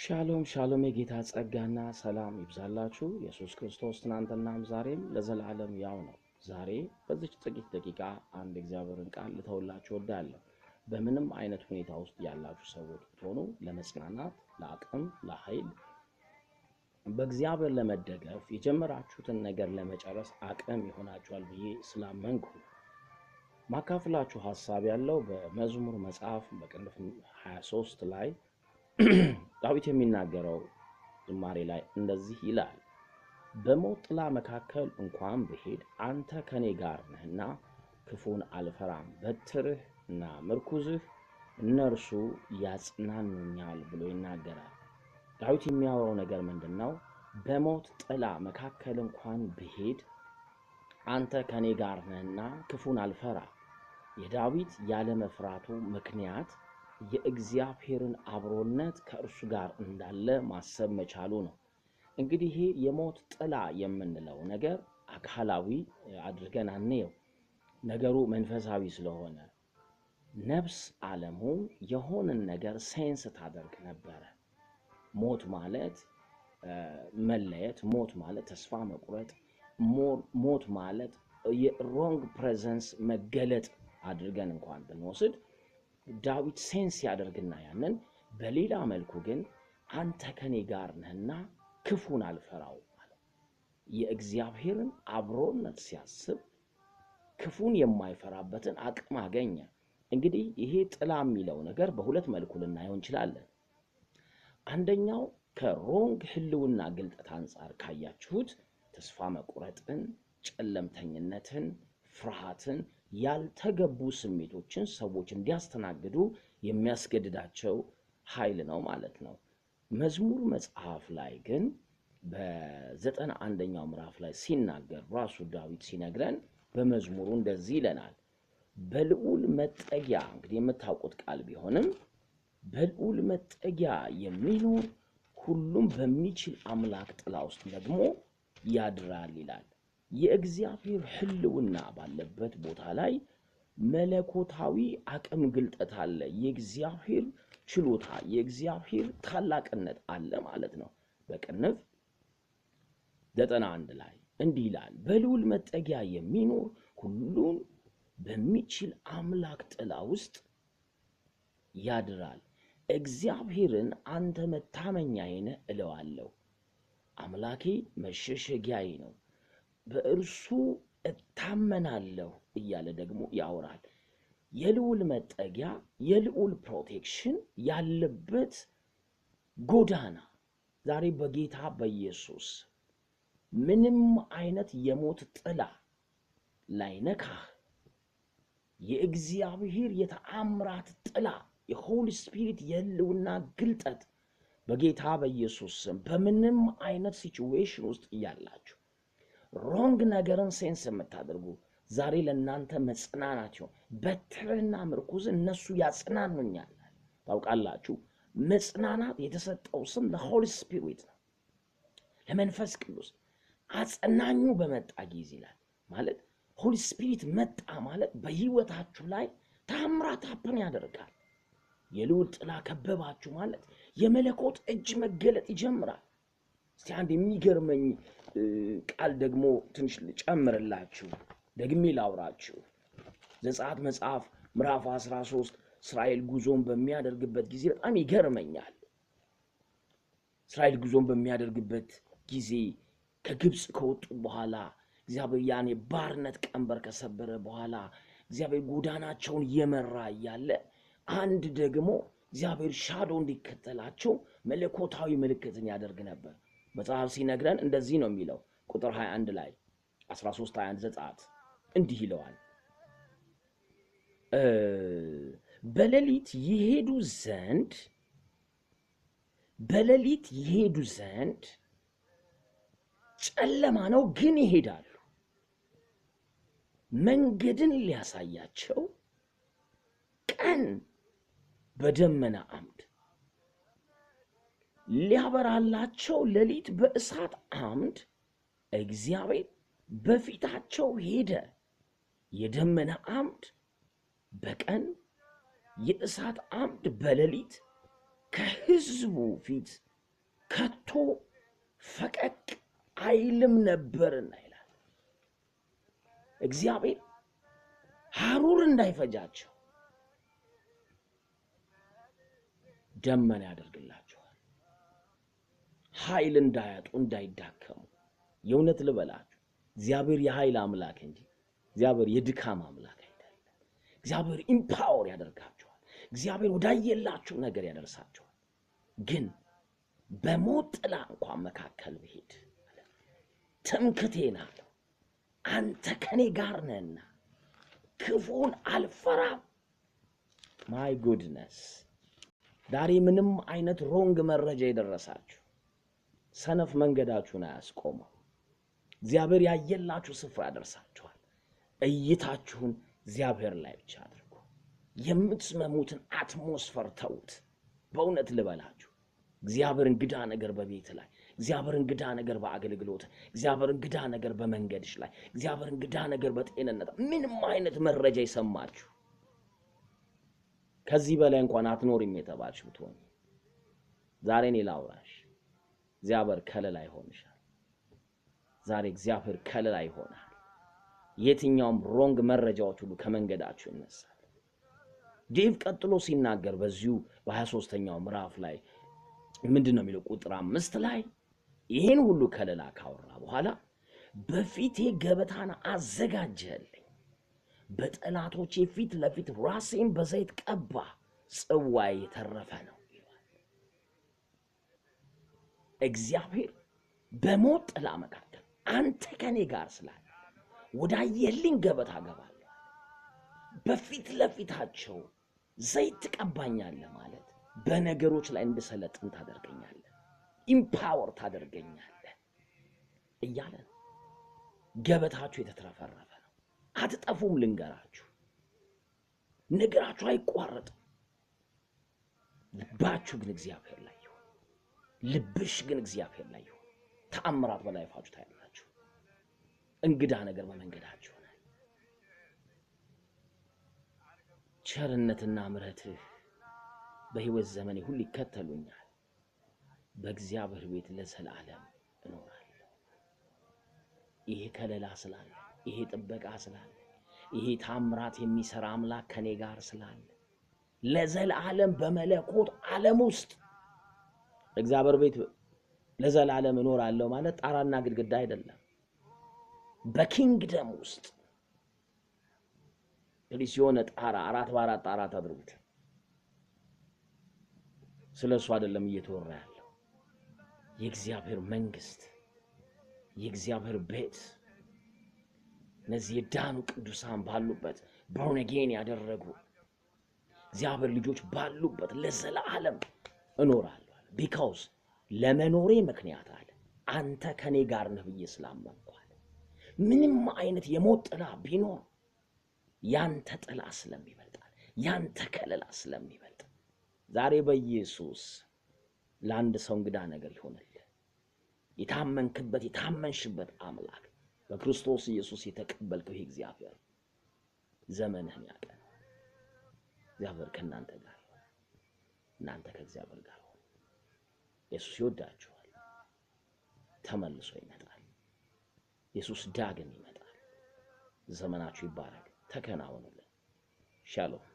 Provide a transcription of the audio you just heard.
ሻሎም ሻሎም፣ የጌታ ጸጋና ሰላም ይብዛላችሁ። ኢየሱስ ክርስቶስ ትናንትናም ዛሬም ለዘላለም ያው ነው። ዛሬ በዚች ጥቂት ደቂቃ አንድ እግዚአብሔርን ቃል ልተውላችሁ ወዳለሁ። በምንም አይነት ሁኔታ ውስጥ ያላችሁ ሰዎች ብትሆኑ ለመጽናናት፣ ለአቅም፣ ለኃይል በእግዚአብሔር ለመደገፍ የጀመራችሁትን ነገር ለመጨረስ አቅም ይሆናችኋል ብዬ ስላመንኩ ማካፍላችሁ ሀሳብ ያለው በመዝሙር መጽሐፍ በቅንፍ 23 ላይ ዳዊት የሚናገረው ዝማሬ ላይ እንደዚህ ይላል፣ በሞት ጥላ መካከል እንኳን ብሄድ አንተ ከኔ ጋር ነህና ክፉን አልፈራም፣ በትርህ እና ምርኩዝህ እነርሱ ያጽናኑኛል ብሎ ይናገራል። ዳዊት የሚያወራው ነገር ምንድን ነው? በሞት ጥላ መካከል እንኳን ብሄድ አንተ ከኔ ጋር ነህና ክፉን አልፈራ። የዳዊት ያለመፍራቱ ምክንያት የእግዚአብሔርን አብሮነት ከእርሱ ጋር እንዳለ ማሰብ መቻሉ ነው። እንግዲህ ይሄ የሞት ጥላ የምንለው ነገር አካላዊ አድርገን አንየው፣ ነገሩ መንፈሳዊ ስለሆነ ነፍስ ዓለሙ የሆንን ነገር ሴንስ ታደርግ ነበረ። ሞት ማለት መለየት፣ ሞት ማለት ተስፋ መቁረጥ፣ ሞት ማለት የሮንግ ፕሬዘንስ መገለጥ አድርገን እንኳን ብንወስድ ዳዊት ሴንስ ያደርግና ያንን በሌላ መልኩ ግን አንተ ከኔ ጋር ነህና ክፉን አልፈራው ማለት የእግዚአብሔርን አብሮነት ሲያስብ ክፉን የማይፈራበትን አቅም አገኘ። እንግዲህ ይሄ ጥላ የሚለው ነገር በሁለት መልኩ ልናየው እንችላለን። አንደኛው ከሮንግ ህልውና ግልጠት አንጻር ካያችሁት ተስፋ መቁረጥን፣ ጨለምተኝነትን፣ ፍርሃትን ያልተገቡ ስሜቶችን ሰዎች እንዲያስተናግዱ የሚያስገድዳቸው ኃይል ነው ማለት ነው። መዝሙር መጽሐፍ ላይ ግን በዘጠና አንደኛው ምዕራፍ ላይ ሲናገር ራሱ ዳዊት ሲነግረን በመዝሙሩ እንደዚህ ይለናል። በልዑል መጠጊያ እንግዲህ የምታውቁት ቃል ቢሆንም በልዑል መጠጊያ የሚኖር ሁሉም በሚችል አምላክ ጥላ ውስጥ ደግሞ ያድራል ይላል። የእግዚአብሔር ሕልውና ባለበት ቦታ ላይ መለኮታዊ አቅም ግልጠት አለ። የእግዚአብሔር ችሎታ፣ የእግዚአብሔር ታላቅነት አለ ማለት ነው። በቅንፍ ዘጠና አንድ ላይ እንዲህ ይላል፣ በልዑል መጠጊያ የሚኖር ሁሉን በሚችል አምላክ ጥላ ውስጥ ያድራል። እግዚአብሔርን አንተ መታመኛዬ ነህ እለዋለሁ። አምላኬ መሸሸጊያዬ ነው በእርሱ እታመናለሁ እያለ ደግሞ ያወራል። የልዑል መጠጊያ የልዑል ፕሮቴክሽን ያለበት ጎዳና ዛሬ በጌታ በኢየሱስ ምንም አይነት የሞት ጥላ ላይነካህ የእግዚአብሔር የተአምራት ጥላ የሆሊ ስፒሪት የህልውና ግልጠት በጌታ በኢየሱስ ስም በምንም አይነት ሲችዌሽን ውስጥ እያላችሁ ሮንግ ነገርን ሴንስ የምታደርጉ ዛሬ ለእናንተ መጽናናት ይሆን። በትርና ምርኩዝ እነሱ ያጽናኑኛል። ታውቃላችሁ መጽናናት የተሰጠው ስም ለሆሊ ስፒሪት ነው፣ ለመንፈስ ቅዱስ አጽናኙ በመጣ ጊዜ ይላል። ማለት ሆሊ ስፒሪት መጣ ማለት በህይወታችሁ ላይ ታምራት አፕን ያደርጋል። የልዑል ጥላ ከበባችሁ ማለት የመለኮት እጅ መገለጥ ይጀምራል። እስቲ አንድ የሚገርመኝ ቃል ደግሞ ትንሽ ልጨምርላችሁ፣ ደግሜ ላውራችሁ። ዘጸአት መጽሐፍ ምዕራፍ 13 እስራኤል ጉዞን በሚያደርግበት ጊዜ በጣም ይገርመኛል። እስራኤል ጉዞን በሚያደርግበት ጊዜ ከግብፅ ከወጡ በኋላ እግዚአብሔር ያን የባርነት ቀንበር ከሰበረ በኋላ እግዚአብሔር ጎዳናቸውን እየመራ እያለ አንድ ደግሞ እግዚአብሔር ሻዶ እንዲከተላቸው መለኮታዊ ምልክትን ያደርግ ነበር። መጽሐፍ ሲነግረን እንደዚህ ነው የሚለው ቁጥር 21 ላይ 13 21 ዘጸአት እንዲህ ይለዋል በሌሊት ይሄዱ ዘንድ በሌሊት ይሄዱ ዘንድ ጨለማ ነው ግን ይሄዳሉ መንገድን ሊያሳያቸው ቀን በደመና አምድ ሊያበራላቸው ሌሊት በእሳት አምድ እግዚአብሔር በፊታቸው ሄደ። የደመና አምድ በቀን የእሳት አምድ በሌሊት ከሕዝቡ ፊት ከቶ ፈቀቅ አይልም ነበርና ይላል። እግዚአብሔር ሐሩር እንዳይፈጃቸው ደመና ያደርግላቸው። ኃይል እንዳያጡ እንዳይዳከሙ። የእውነት ልበላችሁ እግዚአብሔር የኃይል አምላክ እንጂ እግዚአብሔር የድካም አምላክ አይደለም። እግዚአብሔር ኢምፓወር ያደርጋቸዋል። እግዚአብሔር ወዳየላችሁ ነገር ያደርሳቸዋል። ግን በሞት ጥላ እንኳን መካከል ብሄድ ትምክቴን አለው አንተ ከኔ ጋር ነህና ክፉን አልፈራም። ማይ ጉድነስ ዛሬ ምንም አይነት ሮንግ መረጃ የደረሳችሁ ሰነፍ መንገዳችሁን አያስቆመው። እግዚአብሔር ያየላችሁ ስፍራ ያደርሳችኋል። እይታችሁን እግዚአብሔር ላይ ብቻ አድርጉ። የምትስመሙትን አትሞስፈር ተዉት። በእውነት ልበላችሁ እግዚአብሔር እንግዳ ነገር በቤት ላይ እግዚአብሔር እንግዳ ነገር በአገልግሎት፣ እግዚአብሔር እንግዳ ነገር በመንገድሽ ላይ፣ እግዚአብሔር እንግዳ ነገር በጤንነት፣ ምንም አይነት መረጃ ይሰማችሁ ከዚህ በላይ እንኳን አትኖሪም የተባልሽ ብትሆኝ ዛሬን ላውራሽ እግዚአብሔር ከለላ ይሆንሻል። ዛሬ እግዚአብሔር ከለላ ይሆናል። የትኛውም ሮንግ መረጃዎች ሁሉ ከመንገዳችሁ ይነሳል። ዴቭ ቀጥሎ ሲናገር በዚሁ በ 23 ኛው ምዕራፍ ላይ ምንድን ነው የሚለው? ቁጥር አምስት ላይ ይህን ሁሉ ከለላ ካወራ በኋላ በፊቴ ገበታን አዘጋጀህልኝ፣ በጠላቶቼ ፊት ለፊት ራሴን በዘይት ቀባ፣ ጽዋዬ የተረፈ ነው። እግዚአብሔር በሞት ጥላ መካከል አንተ ከኔ ጋር ስላለ ወዳየልኝ ገበታ እገባለሁ፣ በፊት ለፊታቸው ዘይት ትቀባኛለህ ማለት በነገሮች ላይ እንድሰለጥን ታደርገኛለህ፣ ኢምፓወር ታደርገኛለህ እያለ ነው። ገበታችሁ የተትረፈረፈ ነው። አትጠፉም። ልንገራችሁ፣ ነገራችሁ አይቋረጥም። ልባችሁ ግን እግዚአብሔር ላይ ልብሽ ግን እግዚአብሔር ላይ ይሁን። ተአምራት ፋጁ ታያላችሁ። እንግዳ ነገር በመንገዳችሁ ይሆናል። ቸርነትና ምረትህ በህይወት ዘመኔ ሁሉ ይከተሉኛል። በእግዚአብሔር ቤት ለዘላለም እኖራለሁ። ይሄ ከለላ ስላለ፣ ይሄ ጥበቃ ስላለ፣ ይሄ ታምራት የሚሰራ አምላክ ከኔ ጋር ስላለ ለዘላለም በመለኮት ዓለም ውስጥ እግዚአብሔር ቤት ለዘላለም እኖራለሁ ማለት ጣራና ግድግዳ አይደለም። በኪንግደም ውስጥ እንግዲህ የሆነ ጣራ አራት በአራት ጣራ ታድርጉት። ስለ እሱ አይደለም እየተወራ ያለው የእግዚአብሔር መንግስት፣ የእግዚአብሔር ቤት እነዚህ የዳኑ ቅዱሳን ባሉበት ቦርነጌን ያደረጉ እግዚአብሔር ልጆች ባሉበት ለዘላለም እኖራለሁ። ቢካውዝ ለመኖሬ ምክንያት አለ አንተ ከኔ ጋር ነህ ብዬ ስላመንኳል። ምንም አይነት የሞት ጥላ ቢኖር ያንተ ጥላ ስለሚበልጣል፣ ያንተ ከለላ ስለሚበልጥ ዛሬ በኢየሱስ ለአንድ ሰው እንግዳ ነገር ይሆንል። የታመንክበት የታመንሽበት አምላክ በክርስቶስ ኢየሱስ የተቀበልከው ይህ እግዚአብሔር ዘመንህን ያቀ እግዚአብሔር ከእናንተ ጋር እናንተ ከእግዚአብሔር ጋር ኢየሱስ ይወዳችኋል። ተመልሶ ይመጣል። ኢየሱስ ዳግም ይመጣል። ዘመናችሁ ይባረክ። ተከናወኑልን። ሻሎም